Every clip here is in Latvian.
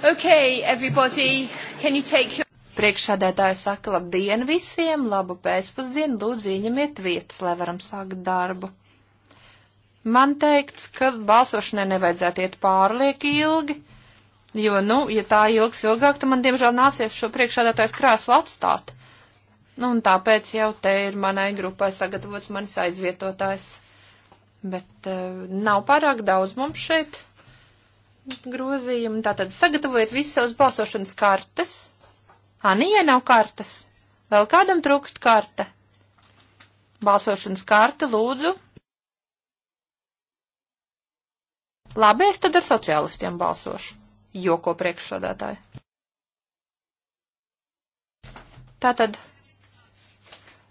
Okay, everybody, can you take your... Priekšsādētāja saka labdien visiem, labu pēcpusdienu, lūdzu ieņemiet vietas, lai varam sākt darbu. Man teikts, ka balsošanai nevajadzētu iet pārlieki ilgi, jo, nu, ja tā ilgs ilgāk, tad man diemžēl nāsies šo priekšsādētājs krēslu atstāt. Nu, un tāpēc jau te ir manai grupai sagatavots manis aizvietotājs. Bet uh, nav pārāk daudz mums šeit grozījumu. Tātad sagatavojiet visus savus balsošanas kartes. Anijai nav kartes. Vēl kādam trūkst karte. Balsošanas karte, lūdzu. Labi, es tad ar sociālistiem balsošu. Joko priekšsādātāji. Tātad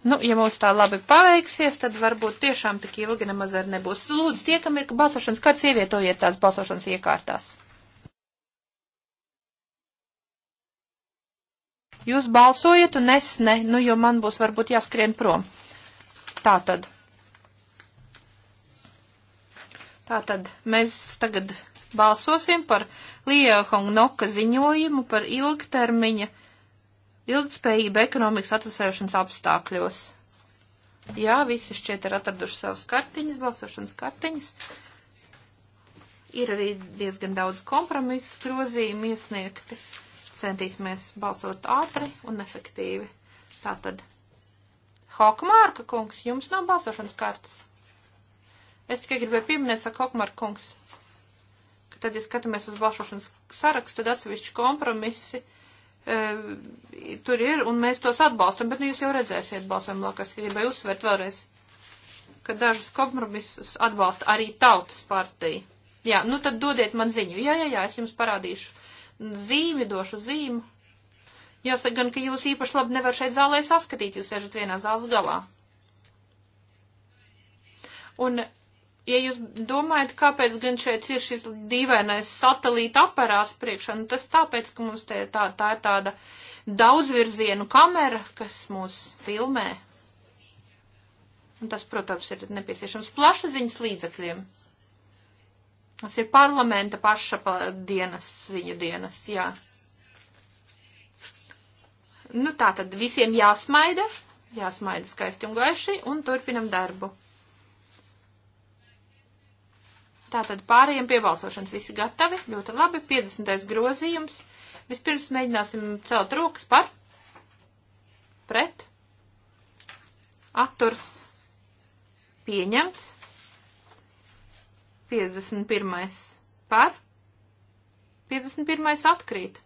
Nu, ja mums tā labi paveiksies, tad varbūt tiešām tik ilgi nemaz arī nebūs. Lūdzu, tie, kam ir balsošanas kārtas, ievietojiet tās balsošanas iekārtās. Jūs balsojat un es ne, nu, jo man būs varbūt jāskrien prom. Tā tad. Tā tad mēs tagad balsosim par Liehongnoka ziņojumu par ilgtermiņa Ilgtspējība ekonomikas atvesēšanas apstākļos. Jā, visi šķiet ir atraduši savas kartiņas, balsošanas kartiņas. Ir arī diezgan daudz kompromisu grozījumu iesniegti. Centīsimies balsot ātri un efektīvi. Tātad, Hokmārka kungs, jums nav balsošanas kartas. Es tikai gribēju pieminēt, saka Hokmārka kungs, ka tad, ja skatāmies uz balsošanas sarakstu, tad atsevišķi kompromisi Eh, tur ir, un mēs tos atbalstam, bet nu, jūs jau redzēsiet balsojumu lakas, ka gribēju uzsvērt vēlreiz, ka dažus kompromisus atbalsta arī tautas partija. Jā, nu tad dodiet man ziņu. Jā, jā, jā, es jums parādīšu zīmi, došu zīmu. Jāsaka gan, ka jūs īpaši labi nevar šeit zālē saskatīt, jūs sēžat vienā zāles galā. Un ja jūs domājat, kāpēc gan šeit ir šis dīvainais satelīta aparāts priekšā, nu tas tāpēc, ka mums te tā, tā ir tāda daudzvirzienu kamera, kas mūs filmē. Un tas, protams, ir nepieciešams plašsaziņas līdzekļiem. Tas ir parlamenta paša dienas, ziņu dienas, jā. Nu tā tad visiem jāsmaida, jāsmaida skaisti un gaiši un turpinam darbu. Tātad pārējiem pie balsošanas visi gatavi, ļoti labi, 50. grozījums. Vispirms mēģināsim celt rokas par, pret, atturs, pieņemts, 51. par, 51. atkrīt.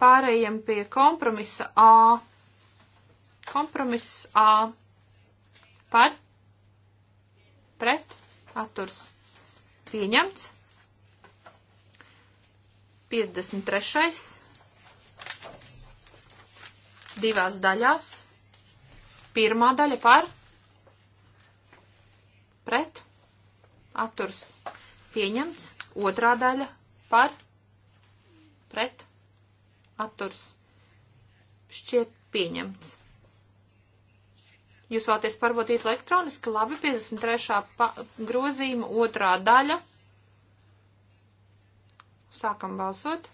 Pārējiem pie kompromisa A. Kompromiss A par, pret, atturs pieņemts. 53. divās daļās. Pirmā daļa par pret atturs pieņemts. Otrā daļa par pret atturs šķiet pieņemts. Jūs vēlaties pārbaudīt elektroniski, labi, 53. grozījuma otrā daļa. Sākam balsot.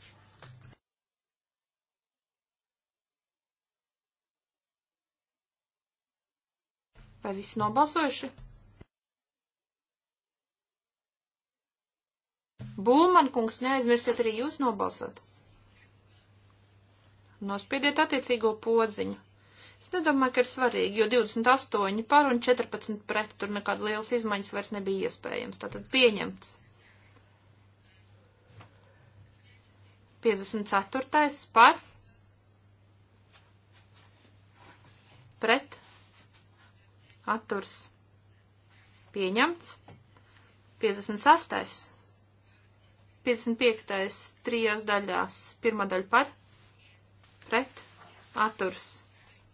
Vai visi nobalsojuši? Bulman kungs, neaizmirsiet arī jūs nobalsot. Nospiediet attiecīgo podziņu. Es nedomāju, ka ir svarīgi, jo 28 par un 14 pret tur nekāda liels izmaiņas vairs nebija iespējams. Tātad pieņemts. 54. par pret atturs pieņemts. 56. 55. trijās daļās. Pirmā daļa par pret atturs pieņemts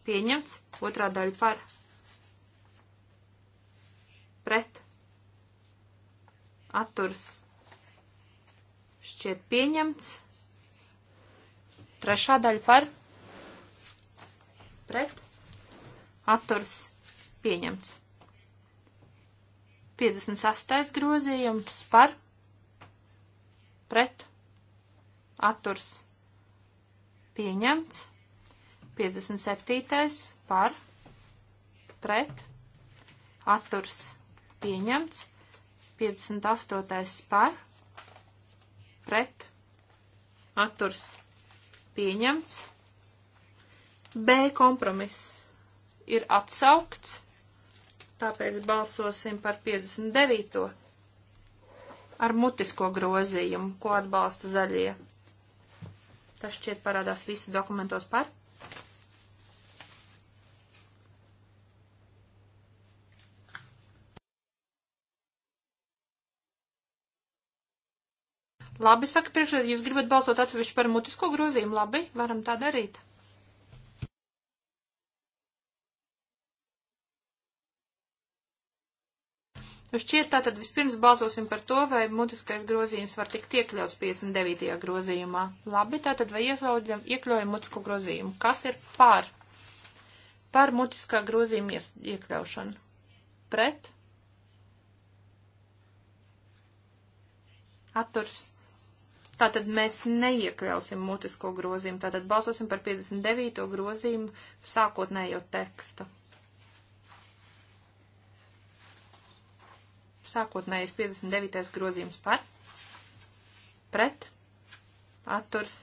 Pieņemts. Otrā daļa par. Pret. Atturs. Šķiet pieņemts. Trešā daļa par. Pret. Atturs. Pieņemts. 58. grozījums par. Pret. Atturs. Pieņemts. 57. par pret atturs pieņemts. 58. par pret atturs pieņemts. B kompromiss ir atsaukts, tāpēc balsosim par 59. ar mutisko grozījumu, ko atbalsta zaļie. Tas šķiet parādās visu dokumentos par Labi, saka priekšsēdētāji, jūs gribat balsot atsevišķi par mutisko grozījumu. Labi, varam tā darīt. Nu šķiet, tātad vispirms balsosim par to, vai mutiskais grozījums var tikt iekļauts 59. grozījumā. Labi, tātad vai iekļaujam, iekļaujam mutisko grozījumu. Kas ir pār? Par mutiskā grozījuma iekļaušanu. Pret? Atturs. Tātad mēs neiekļausim mutisko grozījumu, tātad balsosim par 59. grozījumu sākotnējo tekstu. Sākotnējais 59. grozījums par, pret, atturs,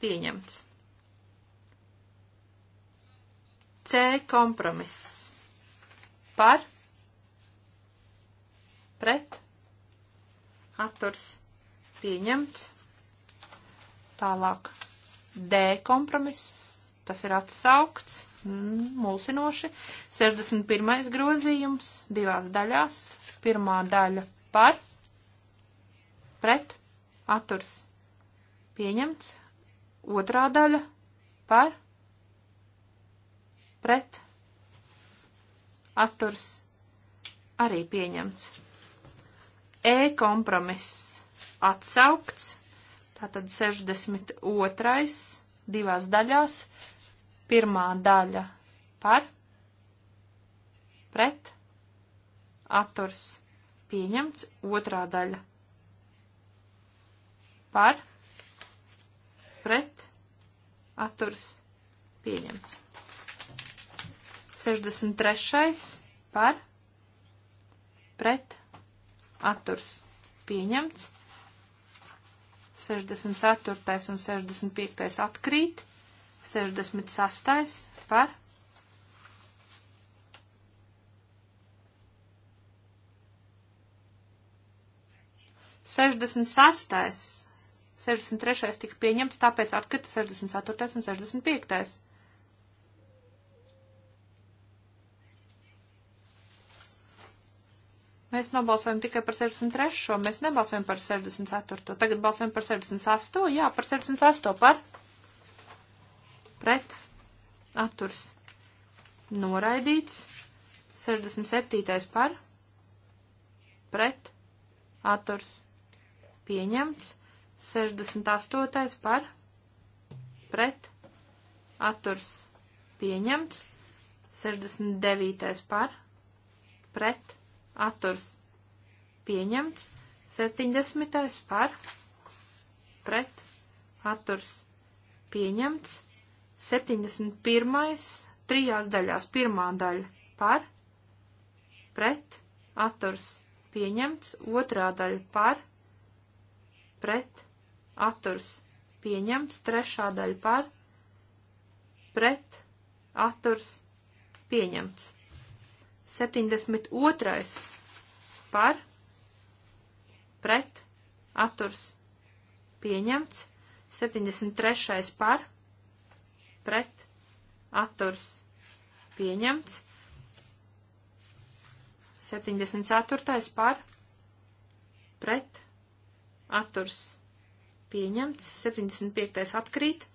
pieņemts. C kompromiss par, pret, atturs, pieņemts Pieņemts. Tālāk. D kompromiss. Tas ir atsaukts. Mm, mulsinoši. 61. grozījums divās daļās. Pirmā daļa par. Pret. Aturs. Pieņemts. Otrā daļa par. Pret. Aturs. Arī pieņemts. E kompromiss atsaukts. Tātad 62. divās daļās. Pirmā daļa par, pret, atturs pieņemts. Otrā daļa par, pret, atturs pieņemts. 63. par, pret, atturs pieņemts. 64. un 65. atkrīt, 66. par. Sešdesmit sastais, sešdesmit trešais tika pieņemts, tāpēc atkrita sešdesmit ceturtais un sešdesmit piektais. Mēs nobalsojam tikai par 63. Mēs nebalsojam par 64. Tagad balsojam par 68. Jā, par 68. Par. Pret. Atturs. Noraidīts. 67. par. Pret. Atturs. Pieņemts. 68. par. Pret. Atturs. Pieņemts. 69. par. Pret atturs pieņemts, 70. par, pret, atturs pieņemts, 71. trijās daļās, pirmā daļa par, pret, atturs pieņemts, otrā daļa par, pret, atturs pieņemts, trešā daļa par, pret, atturs pieņemts. 72. par, pret, atturs, pieņemts. 73. par, pret, atturs, pieņemts. 74. par, pret, atturs, pieņemts. 75. atkrīt.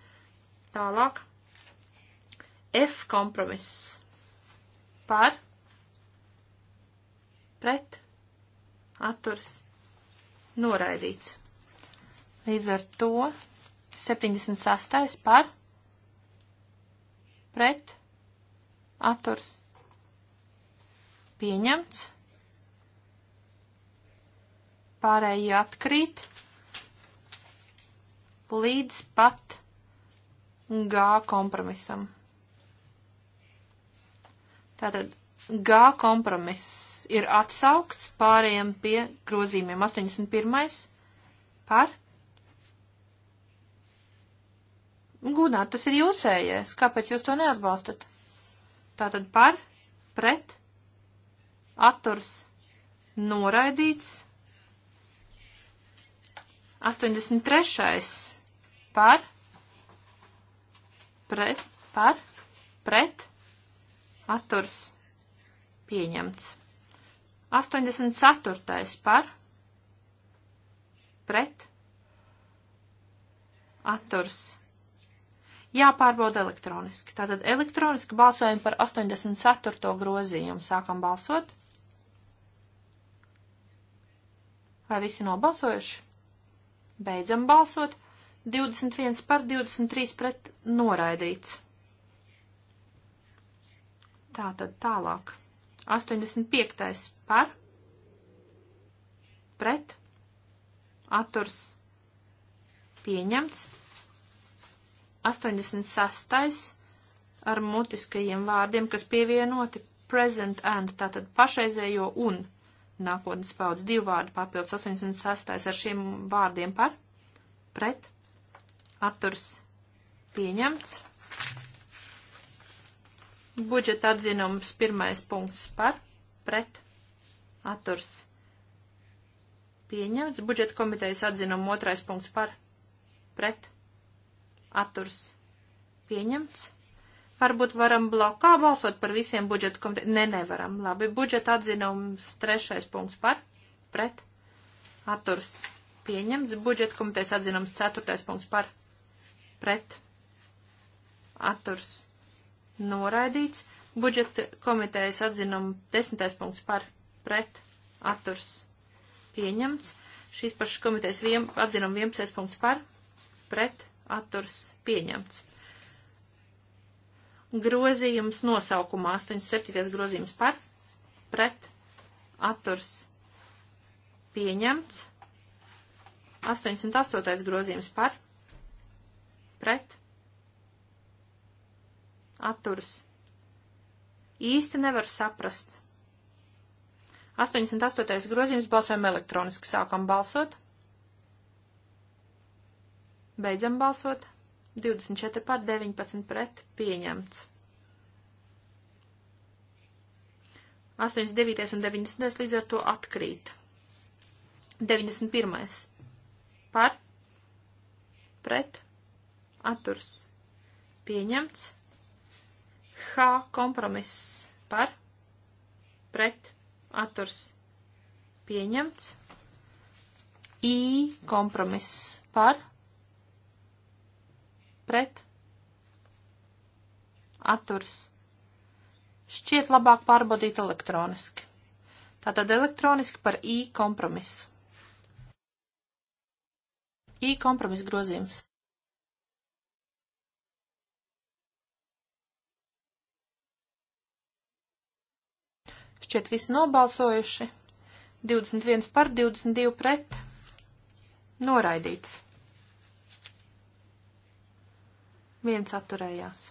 Tālāk. F kompromiss par, pret, pret, atturs, noraidīts. Līdz ar to 76. par, pret, atturs, pieņemts. Pārējie atkrīt līdz pat G kompromisam. Tātad G kompromiss ir atsaukts, pārējiem pie grozījumiem 81. par. Gunār, tas ir jūsējais, kāpēc jūs to neatbalstat? Tātad par, pret, atturs, noraidīts. 83. par, pret, par, pret, atturs, pieņemts. 84. par pret atturs. Jāpārbauda elektroniski. Tātad elektroniski balsojam par 84. grozījumu. Sākam balsot. Vai visi nobalsojuši? Beidzam balsot. 21 par 23 pret noraidīts. Tā tad tālāk. 85. par, pret, atturs, pieņemts. 86. ar mutiskajiem vārdiem, kas pievienoti present and, tātad pašreizējo un nākotnes paudzes divu vārdu papildus 86. ar šiem vārdiem par, pret, atturs, pieņemts. Budžeta atzinums pirmais punkts par, pret, atturs pieņemts. Budžeta komitejas atzinums otrais punkts par, pret, atturs pieņemts. Varbūt varam blokā balsot par visiem budžeta komitejiem. Ne, nevaram. Labi, budžeta atzinums trešais punkts par, pret, atturs pieņemts. Budžeta komitejas atzinums ceturtais punkts par, pret, atturs pieņemts noraidīts. Budžeta komitejas atzinuma desmitais punkts par pret atturs pieņemts. Šīs pašas komitejas vien, atzinuma 11. punkts par pret atturs pieņemts. Grozījums nosaukumā 87. grozījums par pret atturs pieņemts. 88. grozījums par pret atturas. Īsti nevaru saprast. 88. grozījums balsojam elektroniski. Sākam balsot. Beidzam balsot. 24 pār 19 pret pieņemts. 89. un 90. līdz ar to atkrīt. 91. par pret atturs pieņemts. H kompromiss par, pret, atturs pieņemts. I kompromiss par, pret, atturs. Šķiet labāk pārbaudīt elektroniski. Tātad elektroniski par I kompromisu. I kompromisu grozījums. Šķiet visi nobalsojuši. 21 par, 22 pret. Noraidīts. Viens atturējās.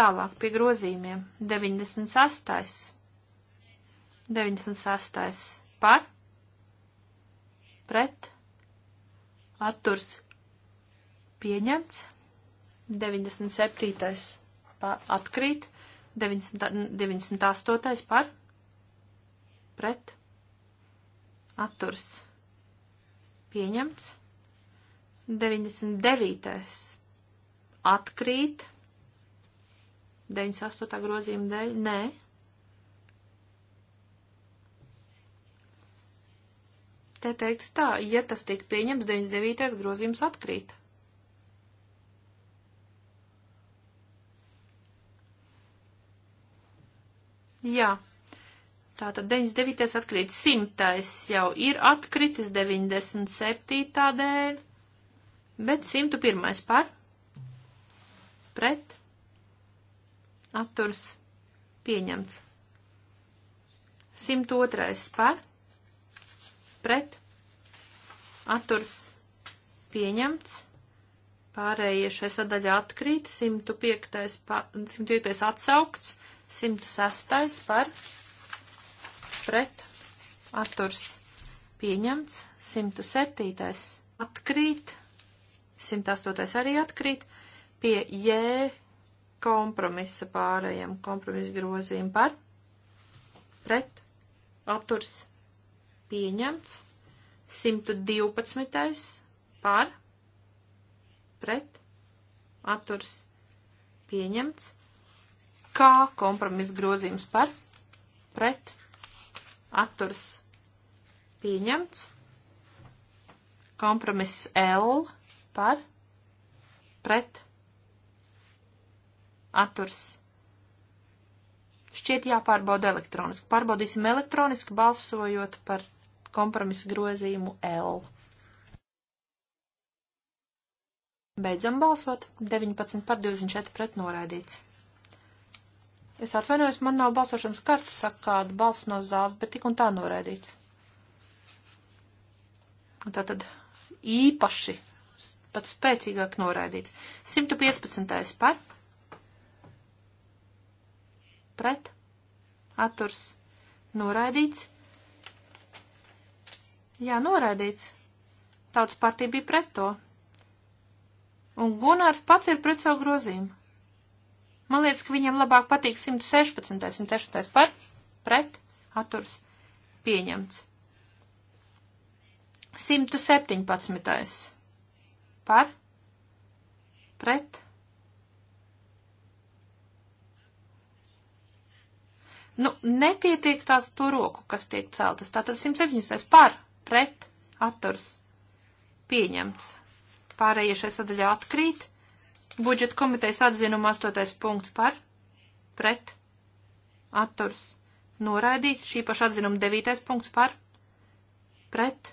Tālāk pie grozījumiem. 96. 96. par, pret, atturs pieņemts. 97. Pa, atkrīt. 90, 98. par pret atturs pieņemts. 99. atkrīt 98. grozījuma dēļ. Nē. Te teiks tā, ja tas tiek pieņemts, 99. grozījums atkrīt. Jā. Tātad 99. atkrīt, 100. jau ir atkritis 97. dēļ, bet 101. par, pret, atturs, pieņemts. 102. par, pret, atturs, pieņemts. Pārējie šai sadaļā atkrīt, 105. Pa, 105. atsaukts, 106. par pret atturs pieņemts. 107. atkrīt. 108. arī atkrīt. Pie J kompromisa pārējiem kompromisa grozījumu par pret atturs pieņemts. 112. par pret atturs pieņemts. Kā kompromis grozījums par pret atturs pieņemts. Kompromiss L par pret atturs. Šķiet jāpārbauda elektroniski. Pārbaudīsim elektroniski balsojot par kompromisu grozījumu L. Beidzam balsot. 19 par 24 pret noraidīts. Es atvainojos, man nav balsošanas kartes, saka kāda balss no zāles, bet tik un tā noraidīts. Tātad īpaši, pat spēcīgāk noraidīts. 115. par. Pret. Atturs. Noraidīts. Jā, noraidīts. Tautas partija bija pret to. Un Gunārs pats ir pret savu grozījumu. Man liekas, ka viņam labāk patīk 116. 116. par, pret, atturs, pieņemts. 117. par, pret. Nu, nepietiek tās to roku, kas tiek celtas. Tātad 117. par, pret, atturs, pieņemts. Pārējie šai sadaļā atkrīt budžeta komitejas atzinuma astotais punkts par, pret, atturs, noraidīts. Šī paša atzinuma devītais punkts par, pret,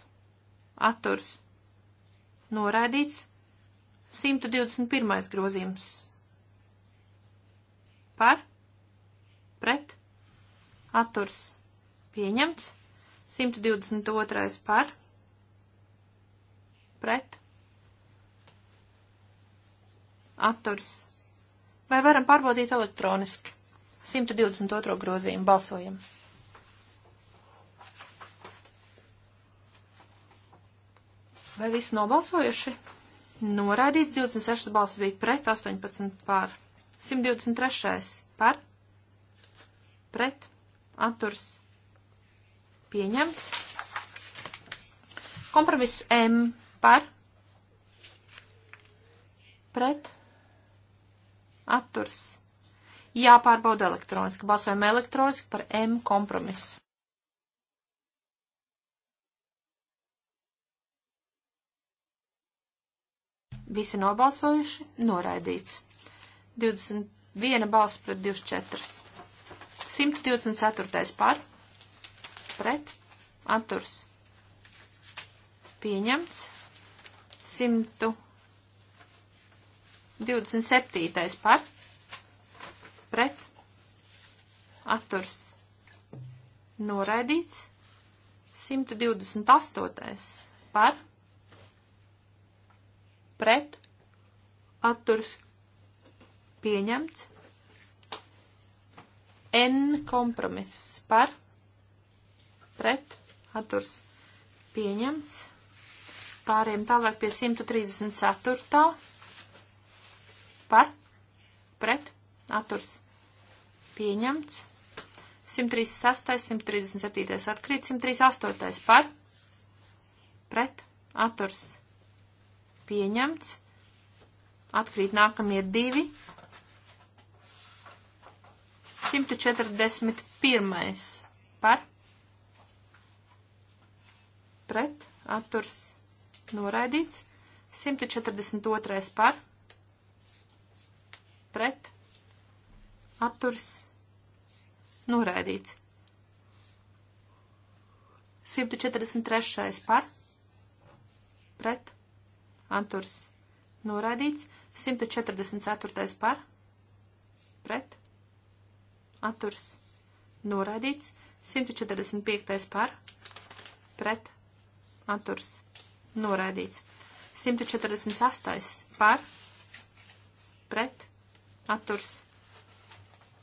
atturs, noraidīts. 121. grozījums par, pret, atturs, pieņemts. 122. par, pret, atturs atturs. Vai varam pārbaudīt elektroniski? 122. grozījumu balsojam. Vai visi nobalsojuši? Noraidīts 26 balsis bija pret, 18 pār. 123. par. Pret. Atturs. Pieņemts. Kompromiss M par. Pret atturs. Jāpārbauda elektroniski. Balsojam elektroniski par M kompromisu. Visi nobalsojuši, noraidīts. 21 balss pret 24. 124. par, pret, atturs. Pieņemts. 100. 27. par pret atturs noraidīts. 128. par pret atturs pieņemts. N kompromiss par pret atturs pieņemts. Pāriem tālāk pie 134 par, pret, atturs pieņemts. 136, 137 atkrīt, 138 par, pret, atturs pieņemts. Atkrīt nākamie divi. 141 par, pret, atturs noraidīts. 142 par, pret, atturs, noraidīts. 143. par, pret, atturs, noraidīts. 144. par, pret, atturs, noraidīts. 145. par, pret, atturs, noraidīts. 148. par, atturs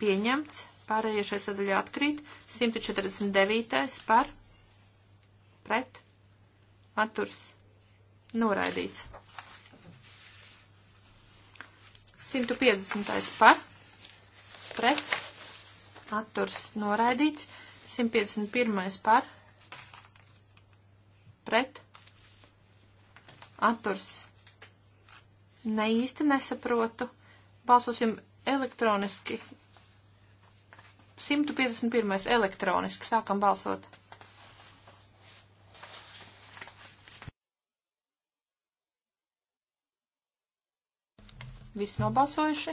pieņemts, pārējie šai sadaļā atkrīt, 149. par, pret, atturs noraidīts. 150. par, pret, atturs noraidīts, 151. par, pret, atturs neīsti nesaprotu. Balsosim elektroniski. 151. elektroniski. Sākam balsot. Visi nobalsojuši.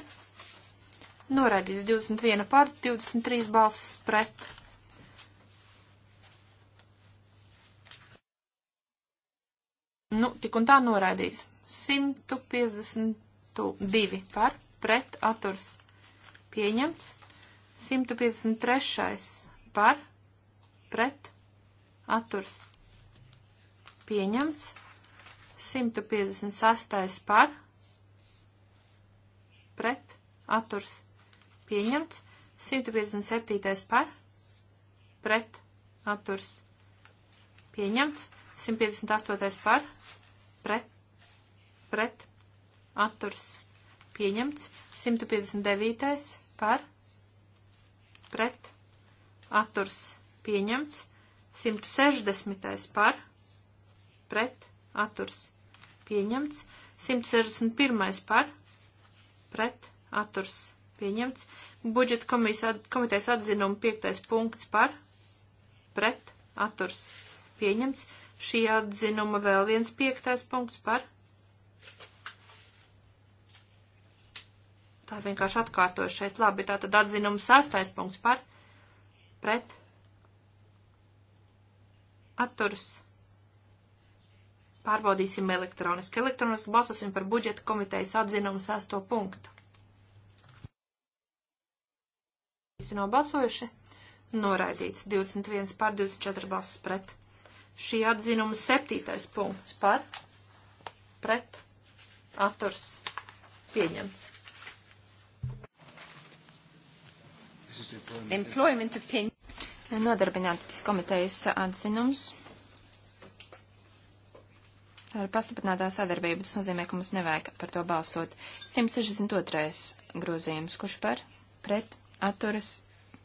Noraidīts 21 par, 23 balsis pret. Nu, tik un tā noraidīts. 152 par pret atturs pieņemts. 153. par pret atturs pieņemts. 156. par pret atturs pieņemts. 157. par pret atturs pieņemts. 158. par pret, pret atturs pieņemts pieņemts. 159. par pret atturs pieņemts. 160. par pret atturs pieņemts. 161. par pret atturs pieņemts. Budžeta komitejas atzinuma 5. punkts par pret atturs pieņemts. Šī atzinuma vēl viens 5. punkts par Tā vienkārši atkārtoju šeit. Labi, tā tad atzinums sastais punkts par pret atturs. Pārbaudīsim elektroniski. Elektroniski balsosim par budžeta komitejas atzinumu sesto punktu. Visi nobalsojuši? Noraidīts 21 pār 24 balsis pret. Šī atzinuma septītais punkts par pret atturs pieņemts. Nodarbinātības komitejas atzinums ar pastiprinātā sadarbību. Tas nozīmē, ka mums nevajag par to balsot. 162. grozījums. Kurš par? Pret? Atturas?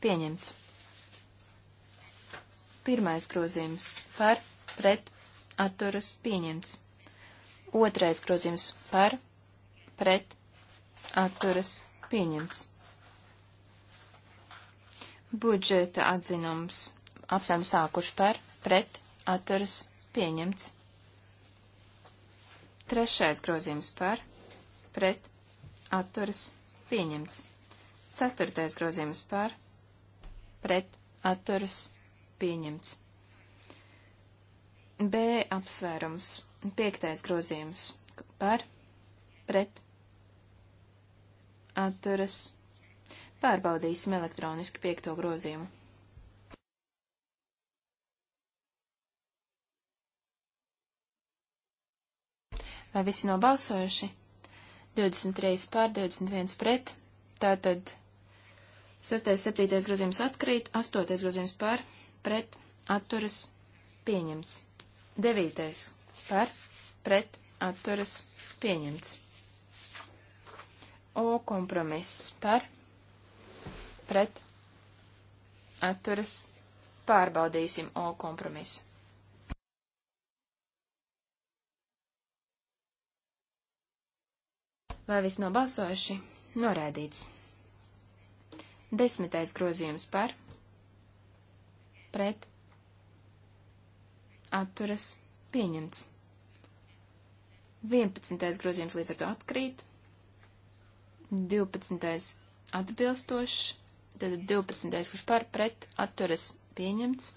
Pieņemts. Pirmais grozījums. Par? Pret? Atturas? Pieņemts. Otrais grozījums. Par? Pret? Atturas? Pieņemts. Budžeta atzinums. Apsvērumu sākuši par, pret, atturas, pieņemts. Trešais grozījums par, pret, atturas, pieņemts. Ceturtais grozījums par, pret, atturas, pieņemts. B apsvērums. Piektais grozījums par, pret, atturas, Pārbaudīsim elektroniski piekto grozījumu. Vai visi nobalsojuši? 23 pār 21 pret. Tātad 6. 7. grozījums atkrīt, 8. grozījums pār, pret, atturas, pieņemts. 9. par, pret, atturas, pieņemts. O kompromiss par, pret atturas pārbaudīsim O kompromisu. Vai viss nobalsojuši? Norēdīts. Desmitais grozījums par, pret, atturas, pieņemts. Vienpadsmitais grozījums līdz ar to atkrīt, divpadsmitais atbilstošs, Tad 12. kurš par pret atturas pieņemts.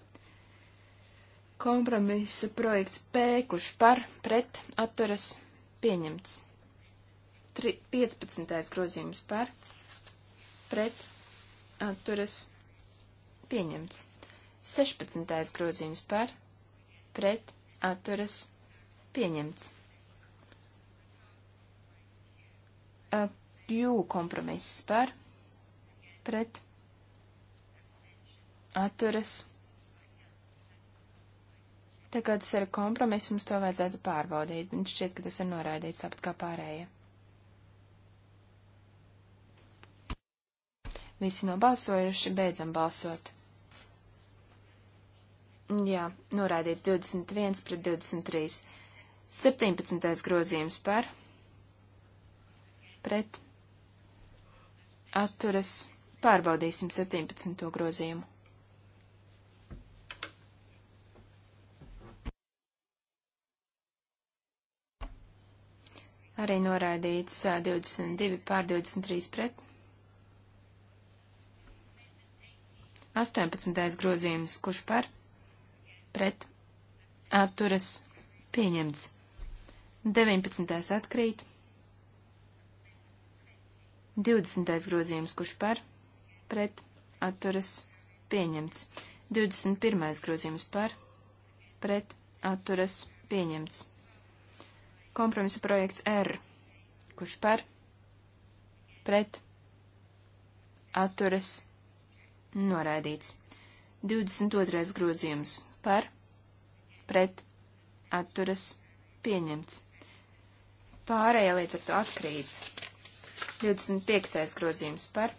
Kompromisa projekts P, kurš par pret atturas pieņemts. Tri, 15. grozījums par pret atturas pieņemts. 16. grozījums par pret atturas pieņemts. Q kompromiss par pret atturas. Tā kā tas ir kompromiss, mums to vajadzētu pārbaudīt. Viņš šķiet, ka tas ir noraidīts tāpat kā pārējie. Visi nobalsojuši, beidzam balsot. Jā, noraidīts 21 pret 23. 17. grozījums par pret atturas pārbaudīsim 17. grozījumu. Arī noraidīts 22 pār 23 pret. 18. grozījums, kurš par pret atturas pieņemts. 19. atkrīt. 20. grozījums, kurš par pret atturas pieņemts. 21. grozījums par pret atturas pieņemts. Kompromisa projekts R. Kurš par? Pret. Atturas. Noraidīts. 22. grozījums. Par. Pret. Atturas. Pieņemts. Pārējie līdz ar to atkrīt. 25. grozījums par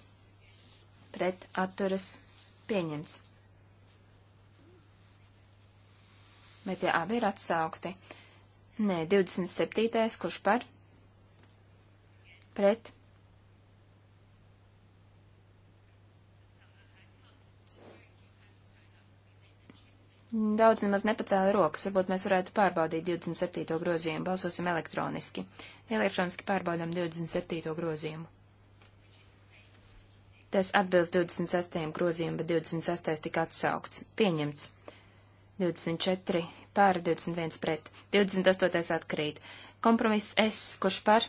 pret atturas pieņemts. Bet ja abi ir atsaukti, Nē, 27. kurš par? Pret. Daudz nemaz nepacēla rokas, varbūt mēs varētu pārbaudīt 27. grozījumu, balsosim elektroniski. Elektroniski pārbaudām 27. grozījumu. Tas atbilst 26. grozījumu, bet 26. tika atsaukts. Pieņemts. 24 pār, 21 pret, 28 atkrīt. Kompromiss S, kurš par?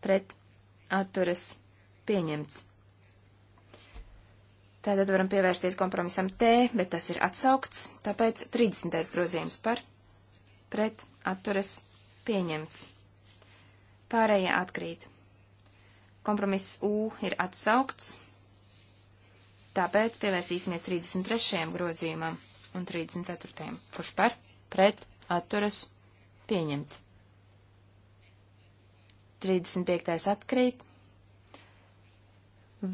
Pret, atturas, pieņemts. Tātad varam pievērsties kompromisam T, bet tas ir atsaukts, tāpēc 30. grozījums par, pret, atturas, pieņemts. Pārējie atkrīt. Kompromiss U ir atsaukts, Tāpēc pievērsīsimies 33. grozījumam un 34. kurš par, pret, atturas, pieņemts. 35. atkrīt.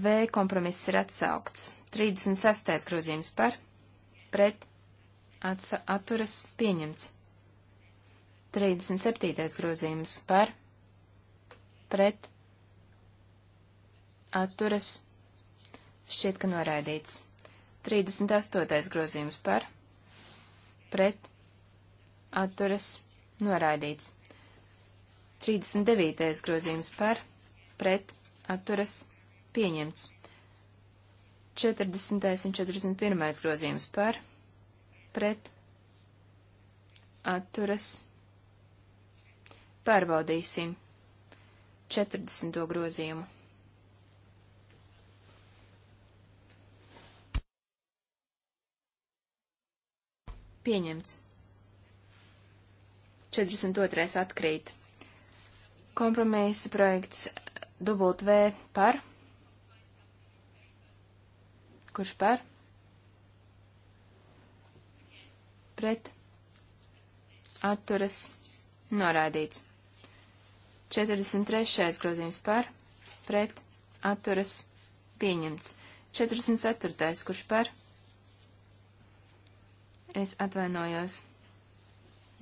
V kompromiss ir atsaukts. 36. grozījums par, pret, atsa, atturas, pieņemts. 37. grozījums par, pret, atturas, pieņemts Šķiet, ka noraidīts. 38. grozījums par, pret, atturas, noraidīts. 39. grozījums par, pret, atturas, pieņemts. 40. un 41. grozījums par, pret, atturas, pārbaudīsim 40. grozījumu. Pieņemts. 42. atkrīt. Kompromisa projekts W par. Kurš par? Pret. Atturas. Norādīts. 43. grozījums par. Pret. Atturas. Pieņemts. 44. kurš par. Es atvainojos.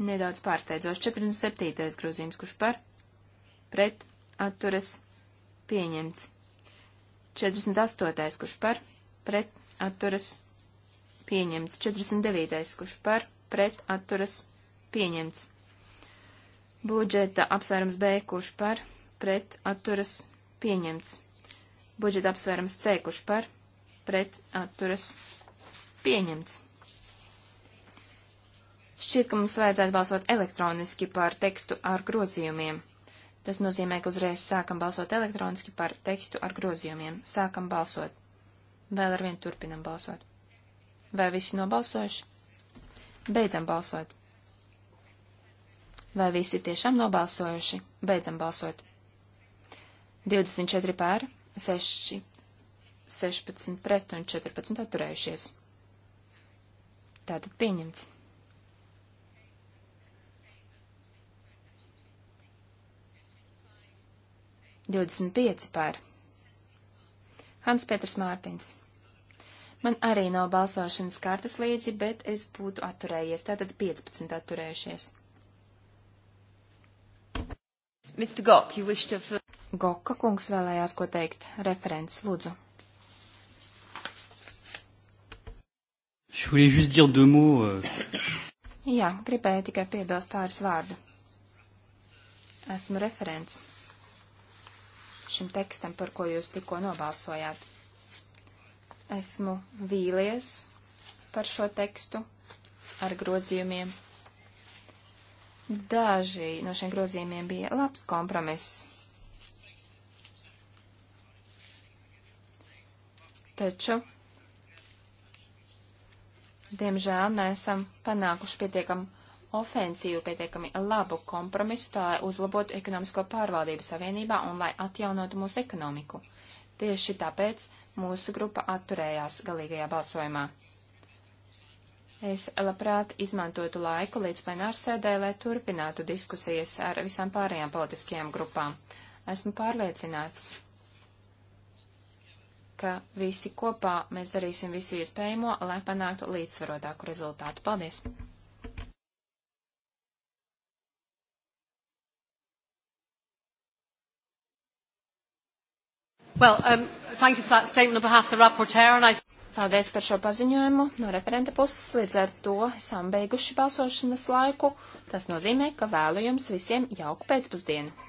Nedaudz pārsteidzos. 47. grozījums, kurš par, pret, atturas, pieņemts. 48. kurš par, pret, atturas, pieņemts. 49. kurš par, pret, atturas, pieņemts. Budžeta apsvērums B, kurš par, pret, atturas, pieņemts. Budžeta apsvērums C, kurš par, pret, atturas, pieņemts. Šķiet, ka mums vajadzētu balsot elektroniski par tekstu ar grozījumiem. Tas nozīmē, ka uzreiz sākam balsot elektroniski par tekstu ar grozījumiem. Sākam balsot. Vēl ar vienu turpinam balsot. Vai visi nobalsojuši? Beidzam balsot. Vai visi tiešām nobalsojuši? Beidzam balsot. 24 pār, 6, 16 pret un 14 atturējušies. Tātad pieņemts. 25 par. Hans Peters Mārtiņš. Man arī nav balsošanas kartas līdzi, bet es būtu atturējies. Tātad 15 atturējušies. Mr. Gok, you wish to... Goka kungs vēlējās ko teikt. Referents, lūdzu. Je voulais juste dire deux mots. Euh. Jā, gribēju tikai piebilst pāris vārdu. Esmu referents šim tekstam, par ko jūs tikko nobalsojāt. Esmu vīlies par šo tekstu ar grozījumiem. Daži no šiem grozījumiem bija labs kompromiss. Taču, diemžēl, neesam panākuši pietiekam ofensīvu, pietiekami labu kompromisu, tā lai uzlabotu ekonomisko pārvaldību savienībā un lai atjaunotu mūsu ekonomiku. Tieši tāpēc mūsu grupa atturējās galīgajā balsojumā. Es labprāt izmantotu laiku līdz plenārsēdē, lai turpinātu diskusijas ar visām pārējām politiskajām grupām. Esmu pārliecināts, ka visi kopā mēs darīsim visu iespējamo, lai panāktu līdzsvarotāku rezultātu. Paldies! Well, um, thank you for that statement on behalf of the rapporteur. And I... Paldies par šo paziņojumu no referenta puses. Līdz ar to esam beiguši balsošanas laiku. Tas nozīmē, ka vēlu jums visiem jauku pēcpusdienu.